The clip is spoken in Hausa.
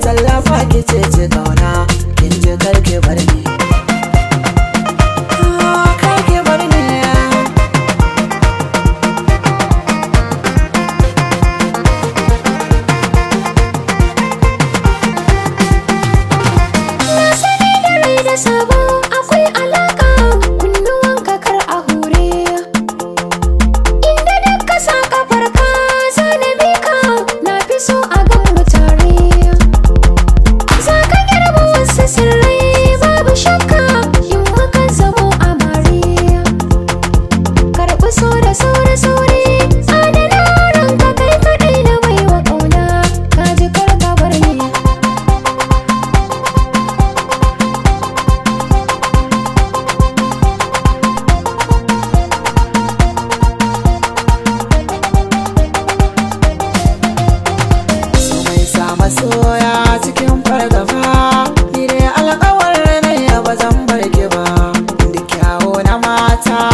tallafa ki ce ce kauna kin ji karki bar ni ah, sabor na mata